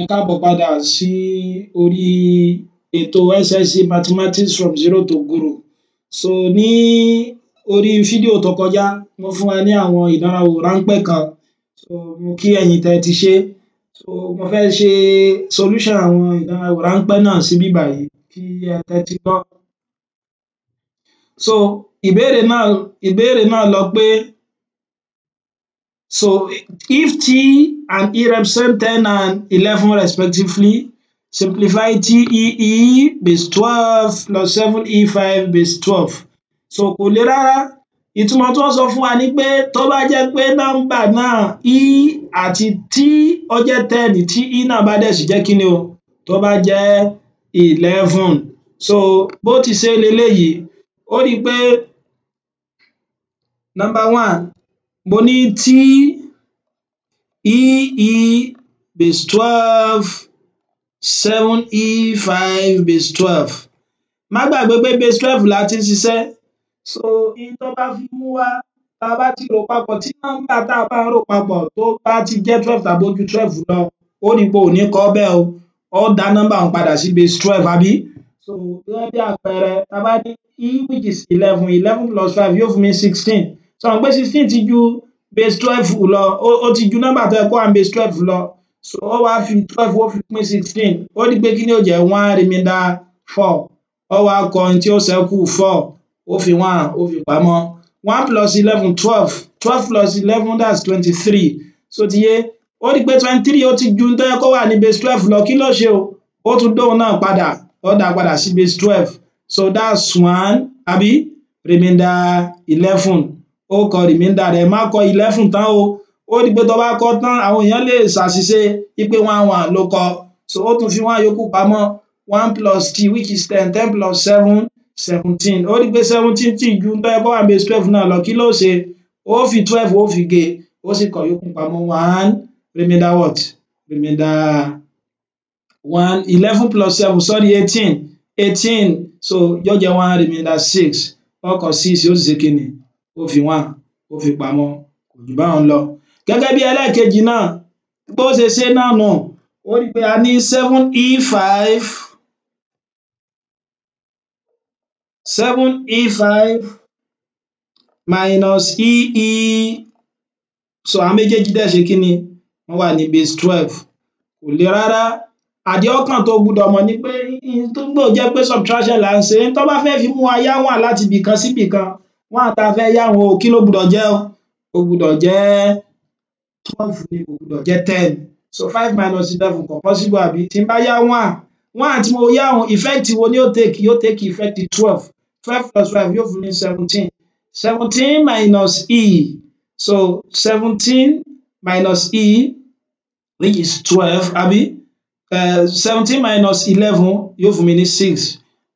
Ẹ káàbọ̀ padà sí orí ètò SSC Mathematics from zero to guru so ní orí fídíò tó kọjá wọ́n fún wa ní àwọn ìdánrawò ráńpẹ́ kan so mo kí ẹ̀yin tẹ́ ẹ ti ṣé so mo fẹ́ ṣe solution àwọn ìdánrawò ráńpẹ́ náà síbí báyìí kí ẹ tẹ́tí gbọ́. So ìbéèrè náà ìbéèrè náà lọ pé so if t and E represent 10 and 11 respectively. Simplify TEE e base 12 plus 7E5 e base 12. So kò le rárá. Ìtumọ̀ tí wọ́n sọ fún wa ni pé tó bá jẹ́ pé nọ́mbà náà E àti T ó jẹ́ 10 tí E náà bá dẹ̀ sì jẹ́ kí ni o? Tó bá jẹ́ 11. So bó ti ṣe leléyìí, ó ri pé number one mo ní T E E base 12 7 7e5/12 má gbàgbé pé base twelve la ti ń ṣiṣẹ́ so n tán bá fi mú wá tá a bá ti rò ó papọ̀ tí nọ́mbà tá a bá ń rò papọ̀ tó bá ti jẹ́ twelve tàbí ó ju twelve lọ ó rí i pé ò ní kọ ọ́ bẹ́ẹ̀ o ọ́ dá nọ́mbà ọ̀hún padà sí base twelve àbí so gẹ́gẹ́ bí àpẹẹrẹ tá a bá ní e which is eleven eleven plus five yóò fún mi sixteen so àwọn pé sixteen ti ju base twelve lọ ó ti ju nọ́mbà tó yẹ kó wà ní base twelve lọ so ó wá fi twelve ó fi pín sixteen ó rí i pé kí ni ó jẹ́ one remainder four ó wá kọ ohun tí ó ṣẹ́kù four ó fi one ó fi pamọ́ one plus eleven twelve twelve plus eleven that's twenty-three so ti yé ó rí i pé twenty-three ó ti ju tó yẹ kó wà ní base twelve lọ kí ló ṣe o ó tún dóun náà padà ó dá padà sí base twelve so that's one àbí remainder eleven ó kọ rìmíńdà rẹ̀ má kọ eleven tán o ó di pé tó bá kọ tán àwọn èèyàn lè ṣàṣìṣe ipe one one ló kọ so ó tún fi one yòókù pamọ́ one plus t which is ten ten plus seven seventeen ó di pé seventeen tí ju tó yẹ kó wà base twelve náà lọ kí ló ṣe ó fi twelve ó fi gé ó sì kọ yòókù pamọ́ one remainder what remainder one eleven plus seven sorry eighteen eighteen so yóò jẹ́ one remainder six ọkọ̀ six yóò sì ṣe kí ni ó fi wọ́n hàn ó fi pamọ́ kò jù báhun lọ gẹ́gẹ́ bí ẹlẹ́ẹ̀kejì náà bó ṣe ṣe náà nù ó rí pé a ní seven e five seven e five minus e e so àwọn méjèèjì dẹ̀ ṣe kí ni wọ́n wà ní base twelve kò le rárá àdíọ́kàn tó gbúdọ̀ mọ̀ ni pé tó gbọ́dọ̀ jẹ́ pé subtraction là ń ṣe tó bá fẹ́ fi mú wa láti ibì kan síbì one tá a fẹ́ yá wọn o kí ló gbúdọ̀ jẹ́ o kò gbúdọ̀ jẹ́ twelve ni kò gbúdọ̀ jẹ́ ten so five minus eleven kò possible àbí tí n bá yá one one tí mo yá òun effect wo ni yóò take yóò take effect twelve twelve plus five yóò fún mi seventeen seventeen minus e so seventeen minus e which is twelve àbí eh, seventeen minus eleven yóò fún mi ní six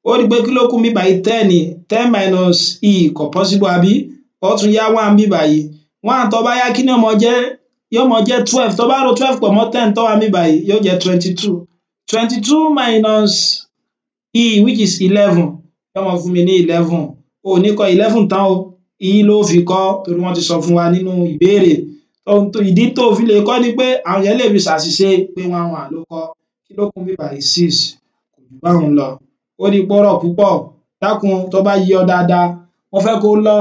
ó rí i pé kí ló kù níbí báyìí ten ni ten minus e kò possible àbí ó tún yá one níbí báyìí one tó bá yá kí ni ọmọ jẹ́ yóò mọ jẹ́ twelve tó bá ro twelve pọ̀ mọ́ ten tó wà níbí báyìí yóò jẹ́ twenty two twenty two minus e which is eleven yóò mọ fún mi ní eleven o ò ní kọ eleven tán o e ló fi kọ torí wọ́n ti sọ fún wa nínú ìbéèrè ohun tó ìdí tó fi lè kọ ni pé àwọn yẹn lè fi ṣàṣìṣe pé wọn àwọn àlòkọ kí ló kún bíbá yìí six kò jù báwọn lọ ó di pé ó rọ̀ púpọ̀ dákun tó bá yé ọ dáadáa mo fẹ́ ko lọ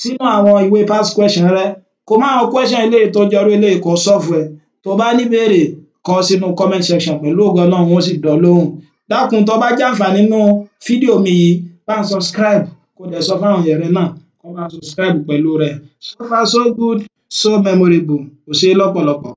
sínú àwọn ìwé past question rẹ kó má àwọn question eléyìí tó jọrú eléyìí kó sọ́ọ̀fù ẹ̀ tó bá ní béèrè kọ sínú comment section pẹ̀lú ògo Ọlọ́run wọ́n sì dán lóhùn dákun tó bá jàǹfààní nínú fídíò mi yìí bá ń subscribe kó dẹ̀ sọ fáwọn èèyàn rẹ náà kó bá subscribe pẹ̀lú rẹ̀ so far so good so memorable kò ṣe é lọ́pọ̀lọpọ̀.